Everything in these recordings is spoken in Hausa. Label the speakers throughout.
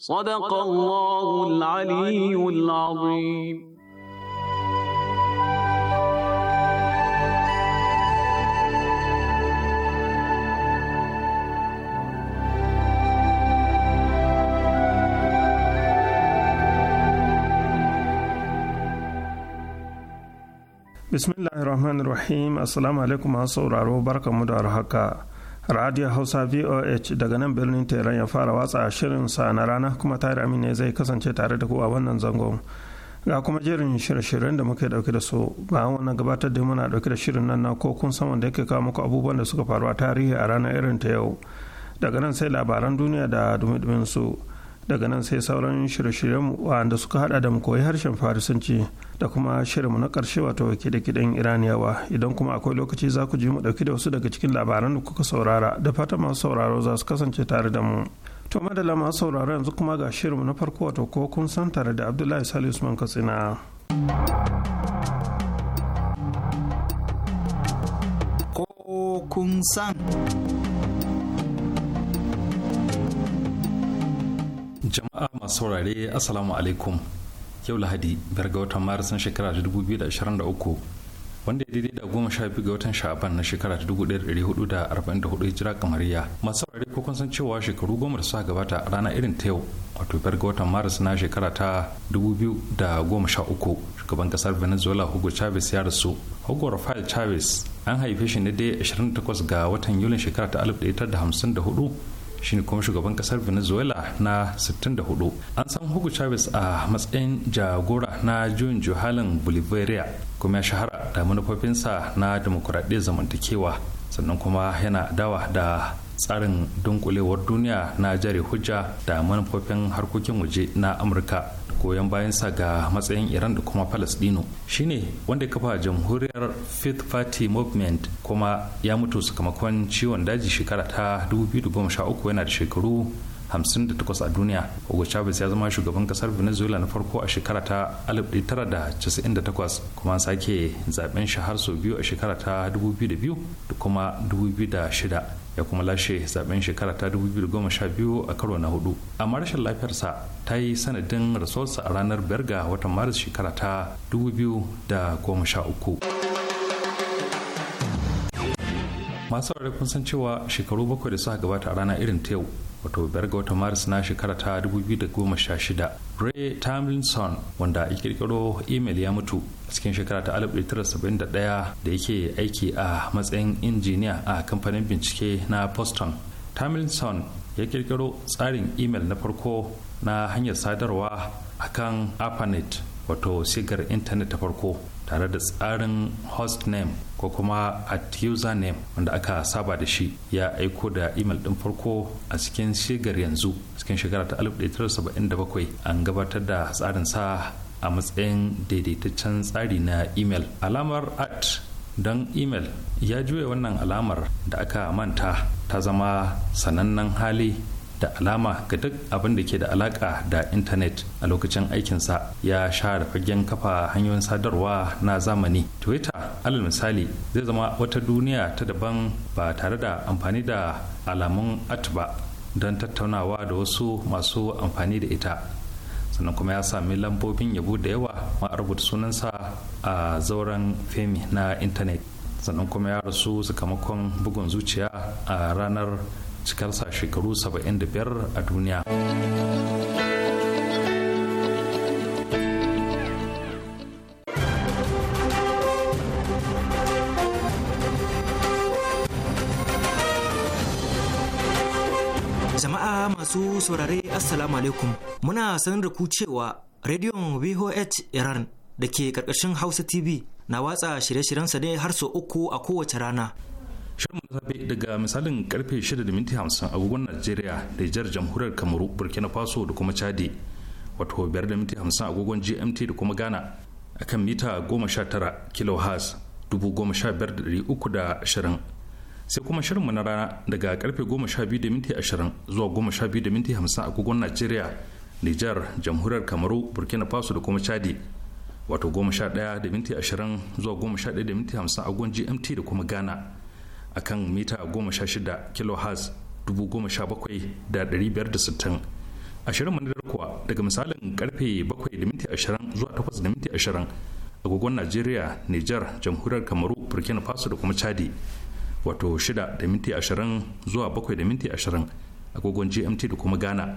Speaker 1: صدق الله العلي العظيم
Speaker 2: بسم الله الرحمن الرحيم السلام عليكم ورحمة الله وبركاته radio hausa voh daga nan birnin teran ya fara watsa shirin sa na rana kuma tare amin ne zai kasance tare da ku a wannan zangon ga kuma jerin shirye-shiryen da muka dauke da su bayan wannan gabatar da muna dauke da shirin nan na ko kun san da yake kawo muku abubuwan da suka faru a tarihi a ranar irin ta yau daga nan sai labaran duniya da dumi su daga nan sai sauran shirye-shiryenmu wanda suka hada da mu koyi harshen farisanci da kuma shirinmu na karshe wato da kiden iraniyawa idan kuma akwai lokaci za ku ji mu dauki da wasu daga cikin labaran da kuka saurara da fata masu sauraro za su kasance tare da mu to madalla masu sauraro yanzu kuma ga shirinmu na farko wato ko kun san tare da abdullahi salisu usman katsina ko kun san
Speaker 3: jama'a masu saurare assalamu alaikum yau lahadi biyar ga watan maris na shekara ta 2023 wanda ya daidai da goma sha biyu ga watan sha'aban na shekara ta hudu hijira kamariya masu saurare ko kun san cewa shekaru goma da suka gabata rana irin ta yau wato biyar ga watan maris na shekara ta uku shugaban kasar venezuela hugo chavez ya rasu hugo rafael chavez an haife shi ne dai 28 ga watan yulin shekara ta hudu shine kuma shugaban kasar venezuela na 64 an san hugo chavez a matsayin jagora na juyin johalin bolivaria kuma ya shahara da manufofinsa na demokuraɗiyyar zamantakewa sannan kuma yana dawa da tsarin dunkulewar duniya na jare hujja da manufofin harkokin waje na amurka goyon sa ga matsayin iran da kuma palestino shine wanda ya kafa jamhuriyar fifth party movement kuma ya mutu sakamakon ciwon daji shekara ta 2013 yana da shekaru 58 a duniya hugo chavez ya zama shugaban kasar venezuela na farko a shekara ta 1998 kuma sake zaben shi har sau biyu a shekara ta 2002 da kuma 2006 ya kuma lashe zaben shekara ta 2012 a karo na hudu amma rashin lafiyarsa ta yi sanadin rasuwarsa a ranar berga ga watan maris shekara ta 2013 masu kun san cewa shekaru bakwai da suka gabata a rana irin ta yau wato biyar ga watan maris na shekara ta 2016 ray tamlinson wanda ya kirkiro imel ya mutu a cikin shekara ta 1971 da yake aiki a matsayin injiniya a kamfanin bincike na boston tamlinson ya kirkiro tsarin imel na farko na hanyar sadarwa akan apanet wato sigar intanet ta farko tare da tsarin host name ko kuma at username wanda aka saba da shi ya aiko da imel din farko a cikin shigar yanzu cikin shekara ta 1977 an gabatar da tsarin sa a matsayin daidaitaccen tsari na imel alamar at don imel ya juya wannan alamar da aka manta ta zama sanannen hali da alama ga duk abin da ke da alaka da intanet a lokacin aikinsa ya share fagen kafa hanyoyin sadarwa na zamani twitter alal misali zai zama wata duniya ta daban ba tare da amfani da alamun at ba don tattaunawa da wasu masu amfani da ita sannan kuma ya sami lambobin yabo da yawa ma rubuta sunansa a zauren femi na intanet sannan kuma ya rasu sakamakon bugun zuciya a ranar cikarsa shekaru 75 a duniya jama'a masu saurare assalamu alaikum muna sanar da ku cewa rediyon voh iran da ke karkashin hausa tv na watsa shirye-shiryensa ne har sau uku a kowace rana shirin safe daga misalin karfe 6:50 agogon najeriya da jihar jamhuriyar kamaru burkina faso da kuma chadi wato 5:50 agogon gmt da kuma ghana a kan mita 19 kilohertz 15320 sai kuma shirinmu na rana daga karfe 12:20 zuwa 12:50 agogon najeriya nijar jamhuriyar kamaru burkina faso da kuma chadi wato 11:20 zuwa 11:50 agogon gmt da kuma ghana a kan mita 16 kilohertz 17,560 shirin manadar kuwa daga misalin karfe 7:20 zuwa 8:20 agogon najeriya niger jamhuriyar kamaru burkina faso da kuma chadi wato 6 da minti 20 zuwa 7 da minti 20 agogon gmt da kuma ghana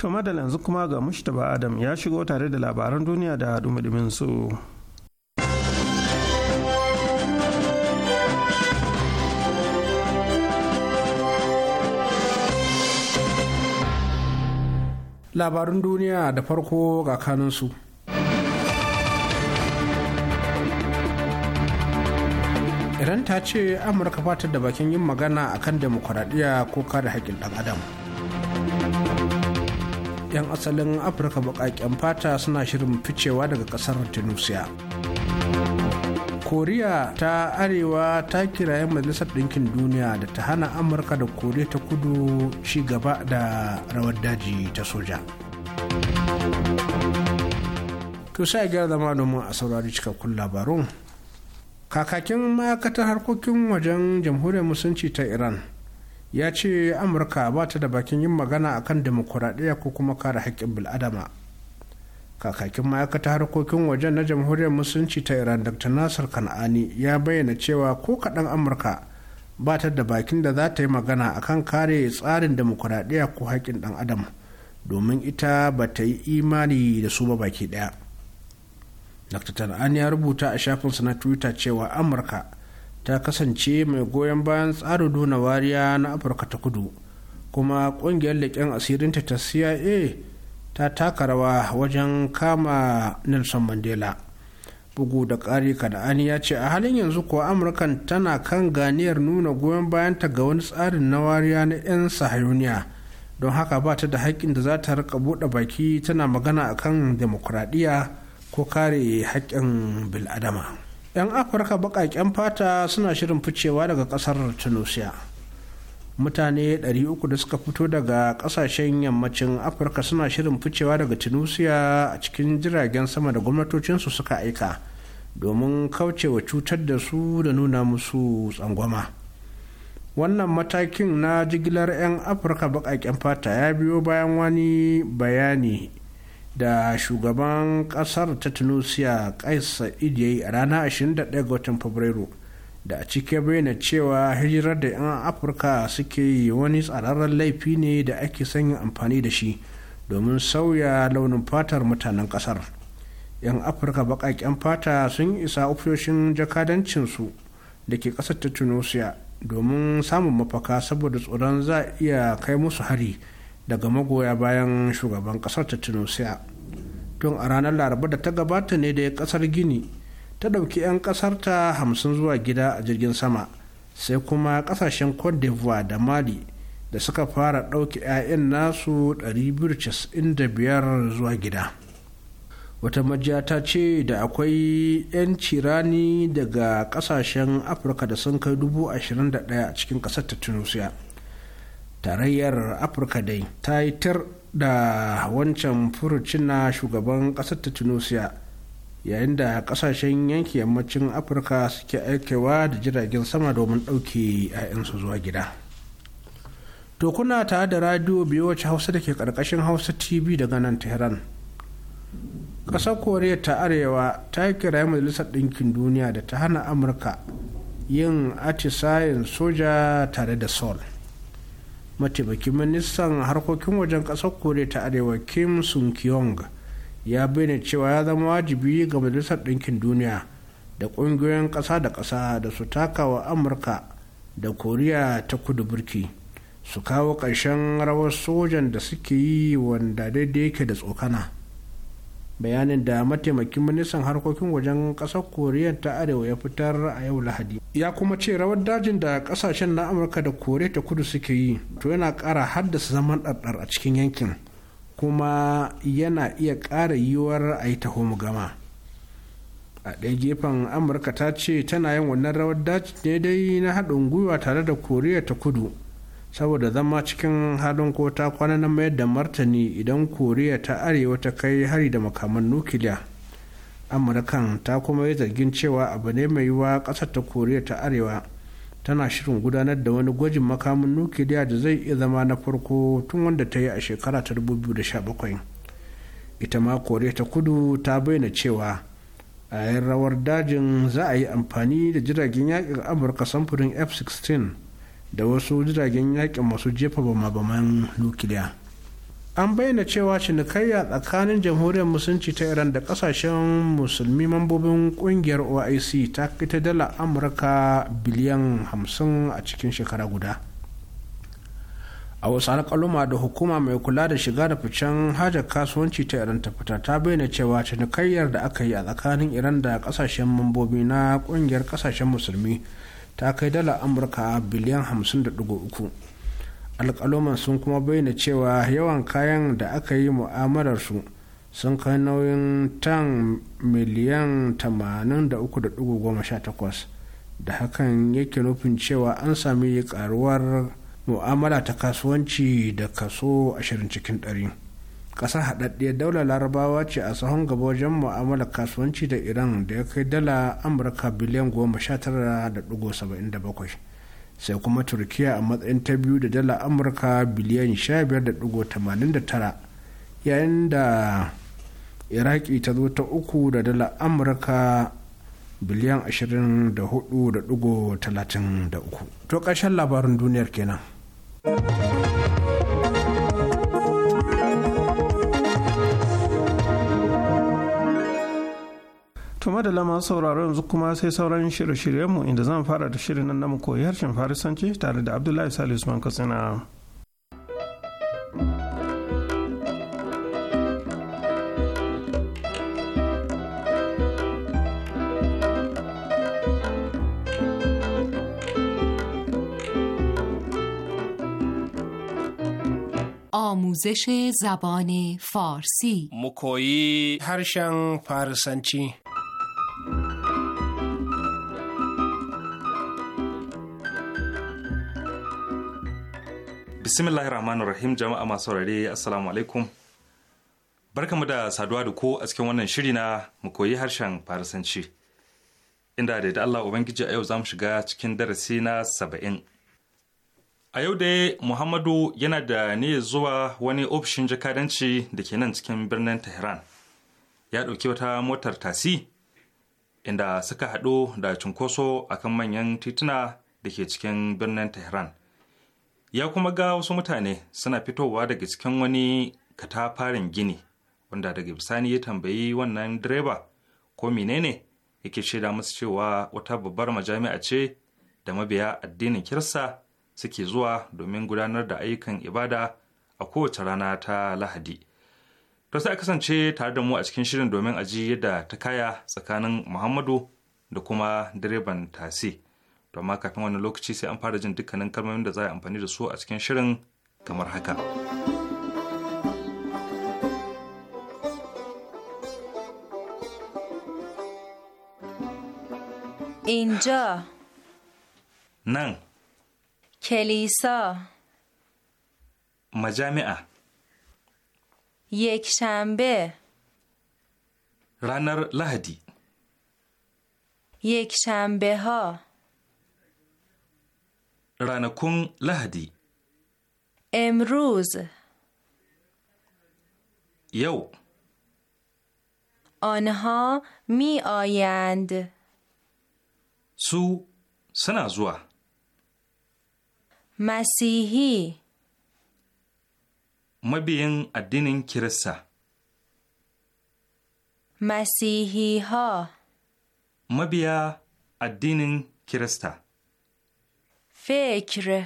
Speaker 2: To madalla yanzu kuma ga Mushtaba Adam ya shigo tare da labaran duniya da dumudumin su.
Speaker 4: Labarun duniya da farko ga kanunsu. Iran ta ce Amurka fatar da bakin yin magana akan demokuraɗiyya ko kare haƙƙin ɗan adam. 'yan asalin afirka baƙaƙen fata suna shirin ficewa daga ƙasar tunisia koriya ta arewa ta kiraye majalisar ɗinkin duniya da ta hana amurka da koriya ta kudu ci gaba da rawar daji ta soja to sai gyara zama domin a saurari cikakkun labarun kakakin ma'aikatar harkokin wajen jamhuriyar musulunci ta iran ya ce amurka ba ta da bakin yin magana akan demokuraɗiyya ko kuma kare haƙƙin bil'adama kakakin ma'aikata harkokin wajen na jamhuriyar musulunci ta iran dr nasir kan'ani ya bayyana cewa ko kaɗan amurka ba ta da bakin da za ta yi magana akan kare tsarin demokuraɗiyya ko haƙƙin ɗan adam domin ita ba ta yi imani da su ba baki ɗaya dr kan'ani ya rubuta a shafinsa na twitter cewa amurka ta kasance mai goyon bayan tsarin nuna wariya na afirka ta kudu kuma ƙungiyar leƙen asirinta ta cia ta taka rawa wajen kama nelson mandela bugu da ƙari ani ya ce a halin yanzu kuwa amurkan tana kan ganiyar nuna goyon bayanta ga wani tsarin na wariya na 'yan sahayuniya don haka ba ta da haƙƙin da za ta rika buɗe baki tana magana akan demokuraɗiyya ko kare haƙƙin bil'adama. 'yan afirka baƙaƙen fata suna shirin ficewa daga ƙasar tunisia mutane 300 da suka fito daga kasashen yammacin afirka suna shirin ficewa daga tunisia a cikin jiragen sama da gwamnatocinsu suka aika domin kaucewa cutar da su da nuna musu tsangwama wannan matakin na jigilar 'yan afirka baƙaƙen fata ya biyo bayan wani bayani da shugaban kasar ta tunisia kais sa'id ya yi a ranar 21 ga watan fabrairu da a cike bayyana cewa hijirar da 'yan afirka suke yi wani tsararren laifi ne da ake sanya amfani da shi domin sauya launin fatar mutanen kasar 'yan afirka baƙaƙen fata sun isa ofishoshin jakadancinsu da ke ƙasar ta tunisia domin samun mafaka saboda tsoron za a iya kai musu hari. daga magoya bayan shugaban kasar ta tunisia tun a ranar laraba da ta gabata ne da kasar gini ta ɗauki 'yan kasar ta hamsin zuwa gida a jirgin sama sai kuma kasashen cote d'ivoire da mali da suka fara ɗauki 'ya'yan nasu 295 zuwa gida wata majiya ta ce da akwai 'yan cirani daga kasashen afirka da sun kai 21,000 a cikin kasar ta tunisia tarayyar afirka dai ta yi tar da wancan furucin na shugaban ƙasar ta tunisia yayin da ƙasashen yanki yammacin afirka suke aikewa da jiragen sama domin ɗauke 'ya'yansu zuwa gida to kuna tare da radio biyu wacce hausa da ke ƙarƙashin hausa tv daga nan tehran ƙasar koriya ta arewa ta yi kira majalisar ɗinkin duniya da ta hana amurka yin atisayen soja tare da sol mataimakin ministan harkokin wajen ƙasar koriya ta arewa kim sun kyong ya bayyana cewa ya zama wajibi ga majalisar ɗinkin duniya da ƙungiyoyin ƙasa da ƙasa da su taka wa amurka da koriya ta kudu burki su kawo ƙarshen rawar sojan da suke yi wanda daidai yake da tsokana bayanin da mataimakin ministan harkokin wajen ƙasar koriya ta arewa ya fitar a yau lahadi ya kuma ce rawar dajin da ƙasashen na amurka da koriya ta kudu suke yi to yana ƙara haddasa zaman ɗarɗar a cikin yankin kuma yana iya ƙara yiwuwar a yi taho mu gama a ɗaya gefen amurka ta ce tana yin wannan rawar daji ne dai na haɗin gwiwa tare da koriya ta kudu saboda zama cikin halin ko ta kwana na mayar da martani idan koriya ta arewa ta kai hari da makaman nukiliya amurkan ta kuma yi zargin cewa abu ne mai yiwuwa kasar ta koriya ta arewa tana shirin gudanar da wani gwajin makamin nukiliya da zai iya zama na farko tun wanda ta yi a shekara ta 2017 ita ma koriya ta kudu ta bayyana cewa a rawar dajin za a yi amfani da jiragen yakin amurka samfurin f-16 da wasu jiragen yakin masu jefa bama-baman nukiliya an bayyana cewa cinikayya tsakanin jamhuriyar musulunci ta iran da kasashen musulmi mambobin kungiyar oic ta kai ta dala amurka biliyan 50 a cikin shekara guda a wasu alƙaluma da hukuma mai kula da shiga da ficen hajar kasuwanci ta iran ta fita ta bayyana cewa cinikayyar da aka yi a tsakanin iran da kasashen mambobi na kungiyar kasashen musulmi ta kai dala amurka biliyan 50.3 alkaloman sun kuma bayyana cewa yawan kayan da aka yi mu'amalarsu sun kai nauyin tan miliyan 83.18 da hakan yake nufin cewa an sami karuwar mu'amala ta kasuwanci da kaso 20 cikin 100 kasar haɗaɗɗiyar daular larabawa ce a sahun gaba wajen mu'amala kasuwanci da iran da ya kai dala amurka biliyan goma sha tara da ɗigo saba'in da bakwai sai kuma turkiya a matsayin ta biyu da dala amurka biliyan sha biyar da ɗigo tamanin da tara yayin da iraki ta zo ta uku da dala amurka biliyan 24.33 to ƙarshen labarin duniyar kenan. to da masu
Speaker 2: sauraro yanzu kuma sai sauran shirye-shiryenmu inda zan fara da shirin nan namu koyi harshen farisanci tare da abdullahi salisu usman katsina
Speaker 5: آموزش زبان
Speaker 4: فارسی مکویی هرشن فارسنچی
Speaker 3: bismillahir rahmanir rahim jama'a masu saurare assalamu alaikum barkamu da saduwa da ko a cikin wannan shiri na mu koyi harshen farisanci inda da da Allah ubangiji a yau za mu shiga cikin darasi na saba'in a yau dai muhammadu yana da ne zuwa wani ofishin jakadanci da ke nan cikin birnin tehran ya ɗauki wata motar tasi inda suka haɗu da cunkoso akan manyan tituna da ke cikin birnin tehran ya kuma ga wasu mutane suna fitowa daga cikin wani katafaren gini wanda daga bisani ya tambayi wannan direba ko menene yake shaida musu cewa wata babbar majami'a ce da mabiya addinin kirsa suke zuwa domin gudanar da ayyukan ibada a kowace rana ta lahadi to sai kasance tare da mu a cikin shirin domin aji yadda ta kaya tsakanin muhammadu da kuma direban tasi. to kafin wani lokaci sai an fara jin dukkanin kalmomin da za a yi amfani da su a cikin shirin kamar haka.
Speaker 5: اینجا نن کلیسا
Speaker 3: majami'a.
Speaker 5: یک شنبه
Speaker 3: رانر لهدی
Speaker 5: یک شنبه ها
Speaker 3: ranakun lahadi.
Speaker 5: emrose. yau. on ho me
Speaker 3: su suna zuwa.
Speaker 5: masihi.
Speaker 3: mabiya addinin kirista.
Speaker 5: masihiho.
Speaker 3: mabiya addinin kirista.
Speaker 5: فکر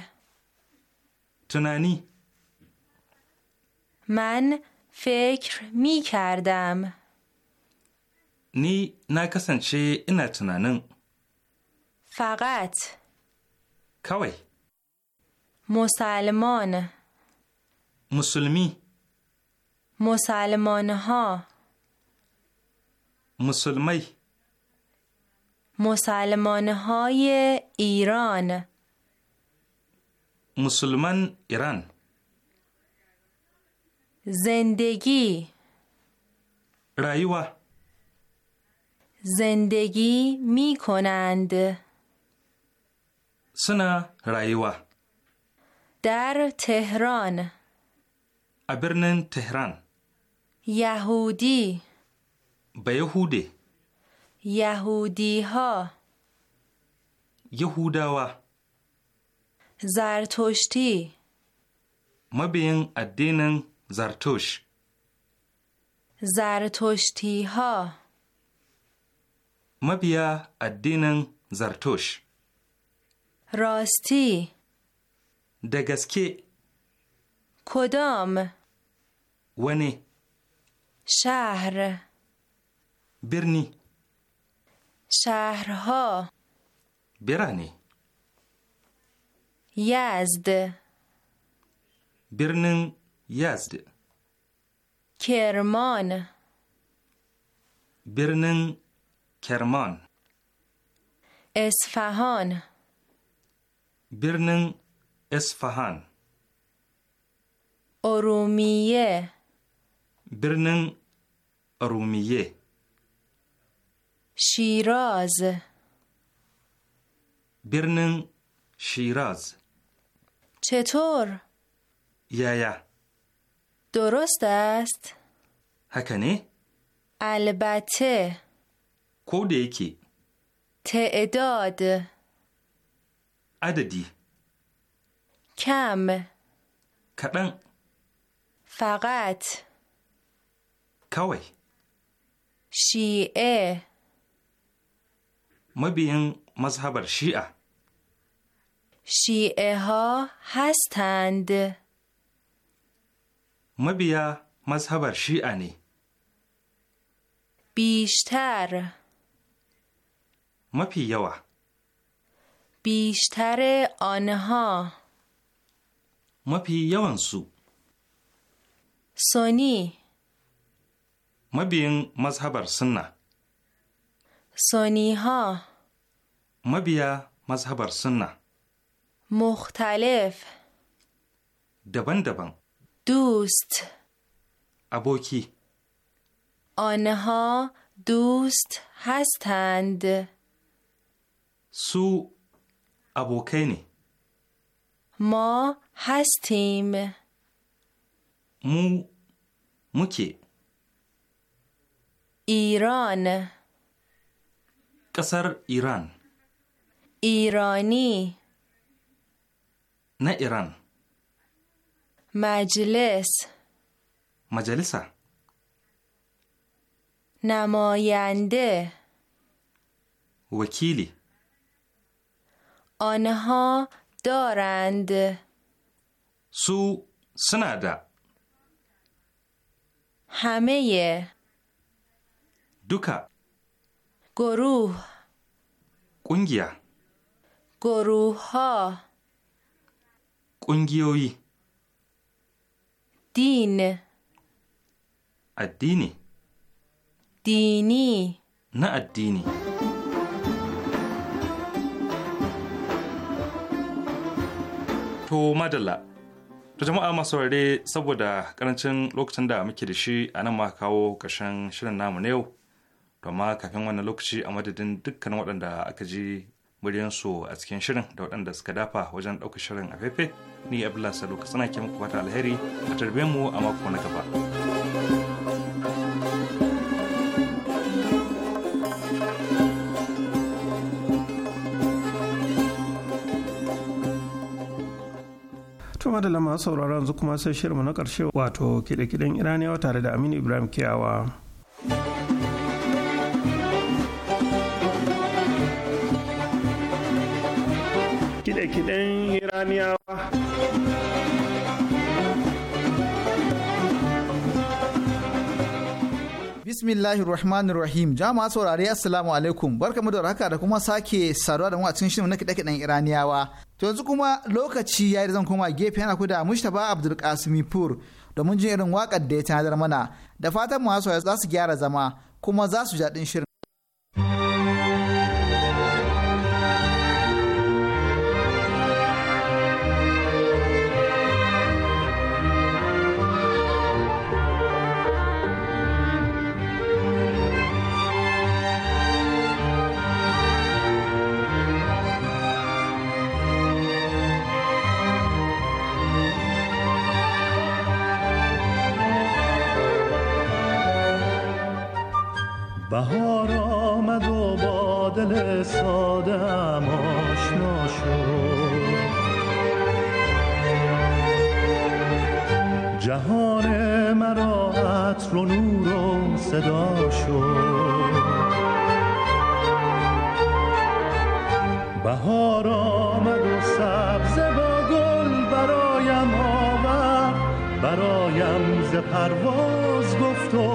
Speaker 5: تنانی من فکر می کردم
Speaker 3: نی چه اینا تنانن
Speaker 5: فقط کوی مسلمان
Speaker 3: مسلمی
Speaker 5: مسلمان ها
Speaker 3: مسلمی
Speaker 5: مسلمان های ایران
Speaker 3: musulman ایران
Speaker 5: زندگی رایوا زندگی می کنند
Speaker 3: سنا رایوا
Speaker 5: در تهران
Speaker 3: ابرنن تهران
Speaker 5: یهودی
Speaker 3: به یهودی
Speaker 5: یهودی ها
Speaker 3: یهوداوا
Speaker 5: Zartoshti.
Speaker 3: Mabiyin addinin Zartosh.
Speaker 5: Zartoshti ha.
Speaker 3: Mabiya addinin Zartosh.
Speaker 5: rasti
Speaker 3: Da gaske.
Speaker 5: Kodam. Wani. Shahar. Birni. Shahr ha. Birane. یزد
Speaker 3: برنن یزد
Speaker 5: کرمان
Speaker 3: برنن کرمان
Speaker 5: اسفهان
Speaker 3: برنن اسفهان
Speaker 5: ارومیه
Speaker 3: برنن ارومیه
Speaker 5: شیراز
Speaker 3: برنن شیراز
Speaker 5: چطور؟ یا یا درست است؟ هکنه؟ البته
Speaker 3: کوده یکی
Speaker 5: تعداد عددی کم کدن فقط کوی شیعه
Speaker 3: مبین مذهب شیعه
Speaker 5: شیعه ها هستند
Speaker 3: بیا مذهب شیعه
Speaker 5: بیشتر ما یوا بیشتر آنها
Speaker 3: مپی یوان سو
Speaker 5: سونی
Speaker 3: بین مذهب سنه
Speaker 5: سونی ها
Speaker 3: بیا مذهب سنه
Speaker 5: مختلف دبن دبن دوست ابوکی آنها دوست هستند
Speaker 3: سو ابوکینی
Speaker 5: ما هستیم
Speaker 3: مو مکی
Speaker 5: ایران
Speaker 3: قصر ایران
Speaker 5: ایرانی نه ایران مجلس مجلس نماینده
Speaker 3: وکیلی
Speaker 5: آنها دارند
Speaker 3: سو سنادا
Speaker 5: همه دوکا گروه قنگیا گروه ها
Speaker 3: ƙungiyoyi din addini
Speaker 5: dini
Speaker 3: na addini to madala, To jama'a masu saurare saboda karancin lokacin da muke da shi a nan ma kawo ƙarshen shirin namu na yau. To amma kafin wannan lokaci a madadin dukkan waɗanda aka ji su a cikin shirin da waɗanda suka dafa wajen ɗaukar shirin a fefe ni abdullahi salo ka tsana ke muku fata alheri a tarbe mu a mako na gaba
Speaker 2: kuma da lamar sauraron yanzu kuma sai shirin na ƙarshe wato kide-kiden iraniyawa tare da aminu ibrahim kiyawa kiɗan iraniyawa
Speaker 4: bismillahir rahmanir rahim jama'a saurari assalamu alaikum barkamu da haka da kuma sake saduwa da mu a cikin shirin na kiɗe-kiɗen iraniyawa to yanzu kuma lokaci ya yayi zan koma gefe yana ku da mustapha abdul qasimi pur domin jin irin waƙar da ya tanadar mana da fatan masu za su gyara zama kuma za su jaɗin shirin
Speaker 6: بهار آمد و با دل ساده آشنا شد جهان مرا عطر و نور و صدا شد بهار آمد و سبزه با گل برایم آورد برایم ز پرواز گفت و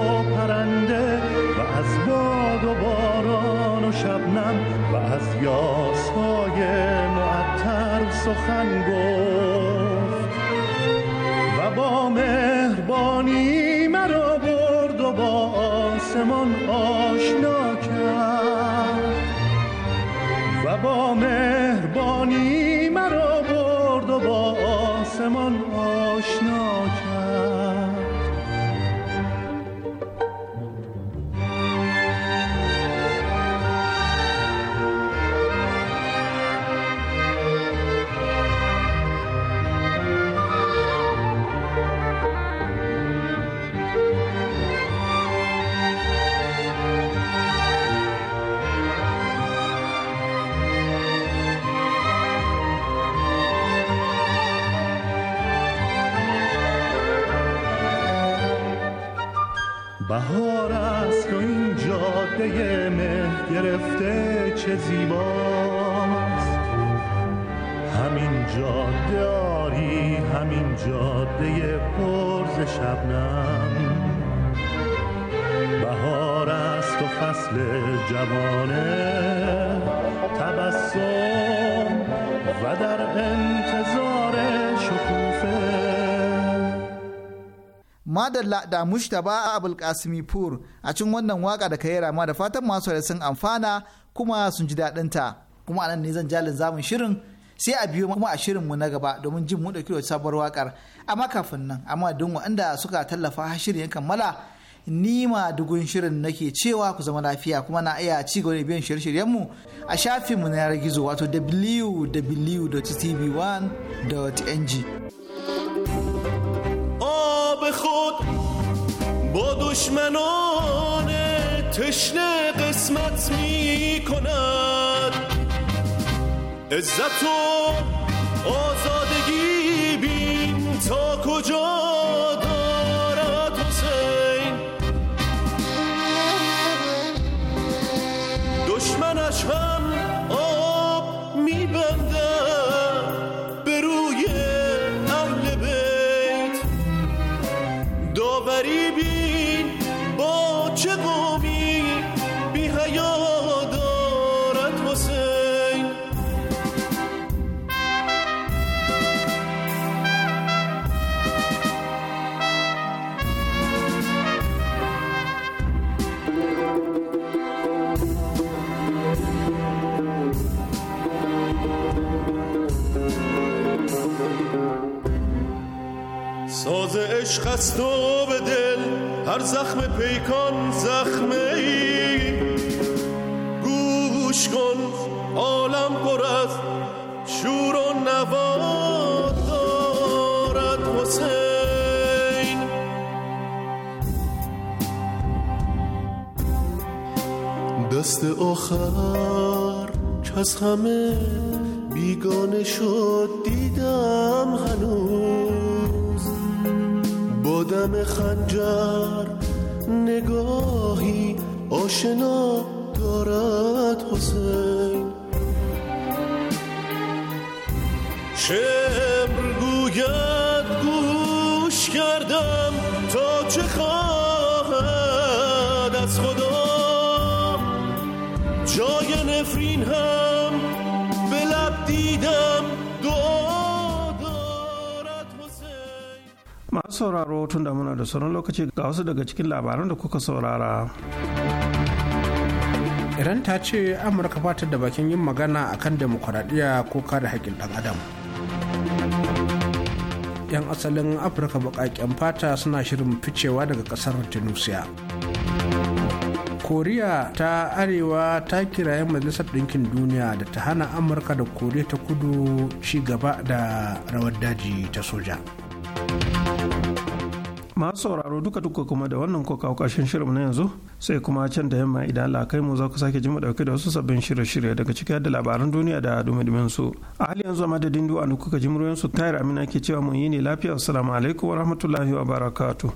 Speaker 6: یاسای معطر سخن گفت و با مهربانی مرا برد و با آسمان آشنا کرد و با مهربانی پرده مه گرفته چه زیباست همین جاده آری همین جاده پرز شبنم بهار است و فصل جوانه تبسم و در انتظار
Speaker 4: madalla da mushtaba abul kasimi pur a cikin wannan waka da kai rama da fatan masu sun amfana kuma sun ji daɗin ta kuma anan ne zan jalin zamun shirin sai a biyo kuma a shirin mu na gaba domin jin mu da sabuwar wakar amma kafin nan amma don waɗanda suka tallafa shirin kammala ni ma dugun shirin nake cewa ku zama lafiya kuma na iya ci gaba da biyan shirye mu a shafin mu na yanar gizo wato www.tv1.ng خود
Speaker 1: با دشمنان تشنه قسمت می کند عزت و آزادگی بین تا کجا
Speaker 6: از تو به دل هر
Speaker 1: زخم پیکان زخمه ای گوش کن عالم پر از شور و نوا دارد حسین دست آخر که از همه بیگانه شد دیدم هنوز دم خنجر نگاهی آشنا دارد حسین شمر گوید گوش کردم تا چه خواهد از خدا جای نفرین هست
Speaker 2: masu sauraro tun da muna da sauran lokaci ga wasu daga cikin
Speaker 4: labaran da kuka saurara iran ta ce amurka fata da bakin yin magana akan demokuraɗiyya ko kare haƙƙin ɗan adam yan asalin afirka baƙaƙen fata suna shirin ficewa daga ƙasar tunisia koriya ta arewa ta kiraye majalisar ɗinkin duniya da ta hana amurka da koriya ta kudu ci gaba da rawar daji ta soja.
Speaker 2: masu sauraro duka duka kuma da wannan ko kawo ƙarshen shirin na yanzu sai kuma can da yamma idan Allah kai mu za ku sake jima dauke da wasu sabbin shirye-shirye daga ciki da labaran duniya da dumi-dumin su a hali yanzu a madadin du'a a kuka ji muryoyin su tayar amina ke cewa mun yi ne lafiya assalamu alaikum wa rahmatullahi wa barakatu.